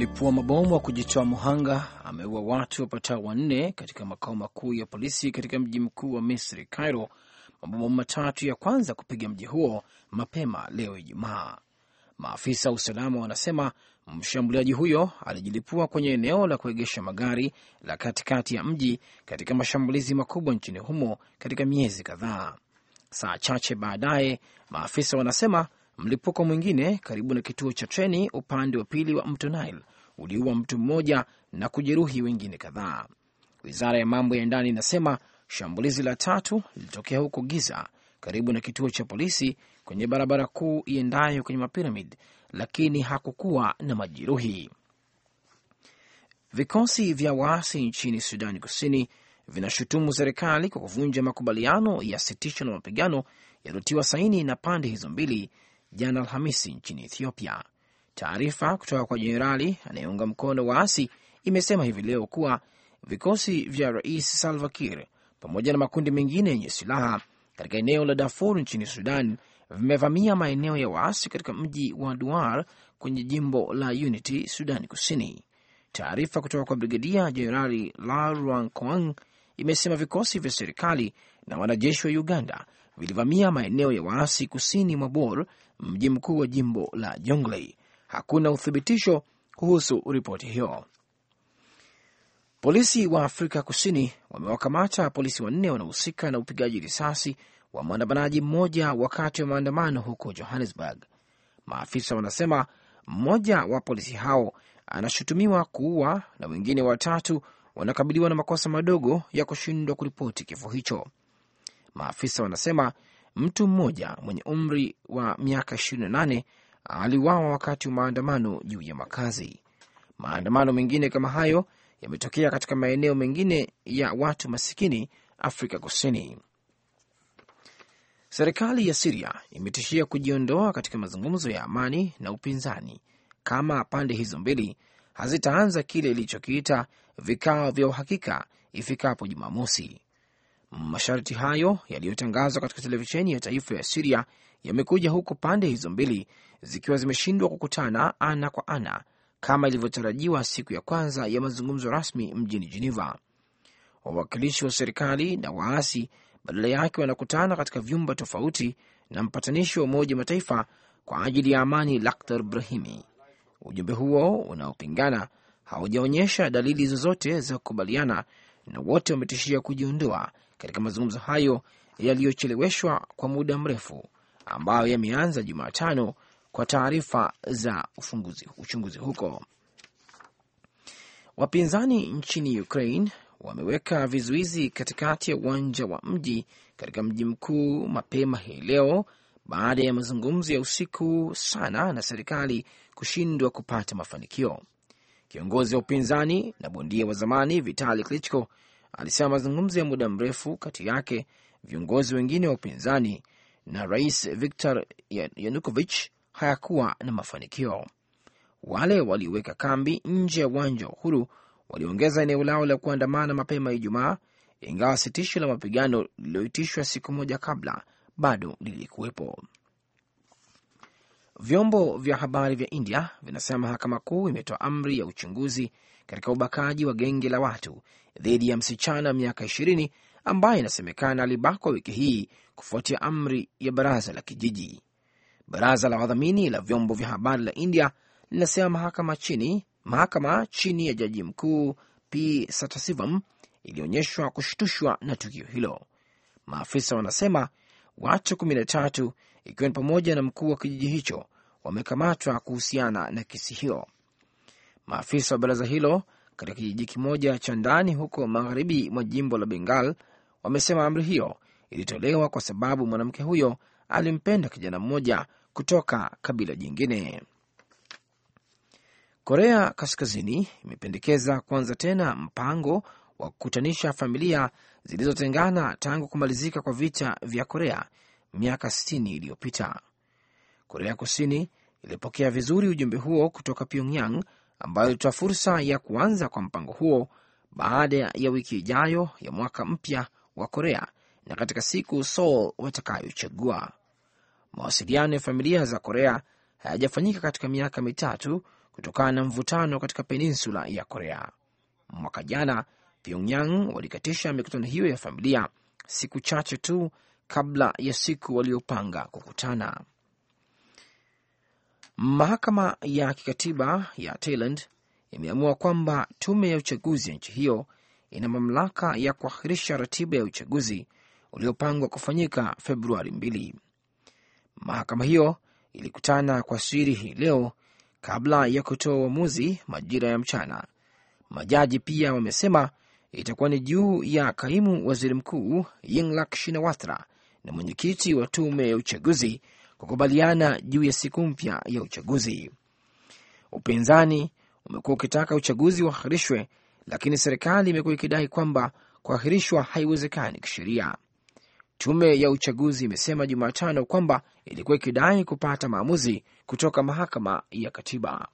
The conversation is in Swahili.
Mlipua mabomu wa kujitoa muhanga ameua watu wapatao wanne katika makao makuu ya polisi katika mji mkuu wa Misri, Cairo, mabomu matatu ya kwanza kupiga mji huo mapema leo Ijumaa. Maafisa wa usalama wanasema mshambuliaji huyo alijilipua kwenye eneo la kuegesha magari la katikati ya mji katika mashambulizi makubwa nchini humo katika miezi kadhaa. Saa chache baadaye, maafisa wanasema Mlipuko mwingine karibu na kituo cha treni upande wa pili wa mto Nile uliua mtu mmoja na kujeruhi wengine kadhaa. Wizara ya mambo ya ndani inasema shambulizi la tatu lilitokea huko Giza karibu na kituo cha polisi kwenye barabara kuu iendayo kwenye mapiramid, lakini hakukuwa na majeruhi. Vikosi vya waasi nchini Sudani Kusini vinashutumu serikali kwa kuvunja makubaliano ya sitisho la mapigano yaliyotiwa saini na pande hizo mbili jana Alhamisi nchini Ethiopia. Taarifa kutoka kwa jenerali anayeunga mkono waasi imesema hivi leo kuwa vikosi vya rais Salva Kiir pamoja na makundi mengine yenye silaha katika eneo la Darfur nchini Sudan vimevamia maeneo ya waasi katika mji wa Duar kwenye jimbo la Unity, Sudani Kusini. Taarifa kutoka kwa Brigadia Jenerali Laurent Koang imesema vikosi vya serikali na wanajeshi wa Uganda vilivamia maeneo ya waasi kusini mwa Bor, mji mkuu wa jimbo la Jonglei. Hakuna uthibitisho kuhusu ripoti hiyo. Polisi wa Afrika Kusini wamewakamata polisi wanne wanaohusika na upigaji risasi wa mwandamanaji mmoja wakati wa maandamano huko Johannesburg. Maafisa wanasema mmoja wa polisi hao anashutumiwa kuua na wengine watatu wanakabiliwa na makosa madogo ya kushindwa kuripoti kifo hicho. Maafisa wanasema mtu mmoja mwenye umri wa miaka 28 aliwawa wakati wa maandamano juu ya makazi. Maandamano mengine kama hayo yametokea katika maeneo mengine ya watu masikini Afrika Kusini. Serikali ya Siria imetishia kujiondoa katika mazungumzo ya amani na upinzani kama pande hizo mbili hazitaanza kile ilichokiita vikao vya uhakika ifikapo Jumamosi. Masharti hayo yaliyotangazwa katika televisheni ya taifa ya Siria yamekuja huku pande hizo mbili zikiwa zimeshindwa kukutana ana kwa ana kama ilivyotarajiwa siku ya kwanza ya mazungumzo rasmi mjini Geneva. Wawakilishi wa serikali na waasi badala yake wanakutana katika vyumba tofauti na mpatanishi wa Umoja Mataifa kwa ajili ya amani Lakhdar Brahimi. Ujumbe huo unaopingana haujaonyesha dalili zozote za kukubaliana na wote wametishia kujiondoa katika mazungumzo hayo yaliyocheleweshwa kwa muda mrefu ambayo yameanza Jumatano kwa taarifa za ufunguzi, uchunguzi huko. Wapinzani nchini Ukraine wameweka vizuizi katikati ya uwanja wa mji katika mji mkuu mapema hii leo baada ya mazungumzo ya usiku sana na serikali kushindwa kupata mafanikio. Kiongozi wa upinzani na bondia wa zamani Vitali Klitschko alisema mazungumzo ya muda mrefu kati yake, viongozi wengine wa upinzani na rais Viktor Yanukovich hayakuwa na mafanikio. Wale walioweka kambi nje ya uwanja wa Uhuru waliongeza eneo lao la kuandamana mapema Ijumaa, ingawa sitisho la mapigano lililoitishwa siku moja kabla bado lilikuwepo. Vyombo vya habari vya India vinasema mahakama kuu imetoa amri ya uchunguzi katika ubakaji wa genge la watu dhidi ya msichana miaka ishirini ambaye inasemekana alibakwa wiki hii kufuatia amri ya baraza la kijiji. Baraza la wadhamini la vyombo vya habari la India linasema mahakama chini mahakama chini ya jaji mkuu P Satasivam ilionyeshwa kushtushwa na tukio hilo. Maafisa wanasema watu kumi na tatu ikiwa ni pamoja na mkuu wa kijiji hicho wamekamatwa kuhusiana na kesi hiyo. Maafisa wa baraza hilo katika kijiji kimoja cha ndani huko magharibi mwa jimbo la Bengal wamesema amri hiyo ilitolewa kwa sababu mwanamke huyo alimpenda kijana mmoja kutoka kabila jingine. Korea Kaskazini imependekeza kuanza tena mpango wa kukutanisha familia zilizotengana tangu kumalizika kwa vita vya Korea miaka 60 iliyopita. Korea Kusini ilipokea vizuri ujumbe huo kutoka Pyongyang, ambayo ilitoa fursa ya kuanza kwa mpango huo baada ya wiki ijayo ya mwaka mpya wa Korea na katika siku Seoul watakayochagua. Mawasiliano ya familia za Korea hayajafanyika katika miaka mitatu kutokana na mvutano katika peninsula ya Korea. Mwaka jana Pyongyang walikatisha mikutano hiyo ya familia siku chache tu kabla ya siku waliopanga kukutana. Mahakama ya kikatiba ya Thailand imeamua kwamba tume ya uchaguzi ya nchi hiyo ina mamlaka ya kuahirisha ratiba ya uchaguzi uliopangwa kufanyika Februari mbili. Mahakama hiyo ilikutana kwa siri hii leo kabla ya kutoa uamuzi majira ya mchana. Majaji pia wamesema itakuwa ni juu ya kaimu waziri mkuu Yingluck Shinawatra na mwenyekiti wa tume ya uchaguzi kukubaliana juu ya siku mpya ya uchaguzi. Upinzani umekuwa ukitaka uchaguzi uahirishwe, lakini serikali imekuwa ikidai kwamba kuahirishwa haiwezekani kisheria. Tume ya uchaguzi imesema Jumatano kwamba ilikuwa ikidai kupata maamuzi kutoka mahakama ya katiba.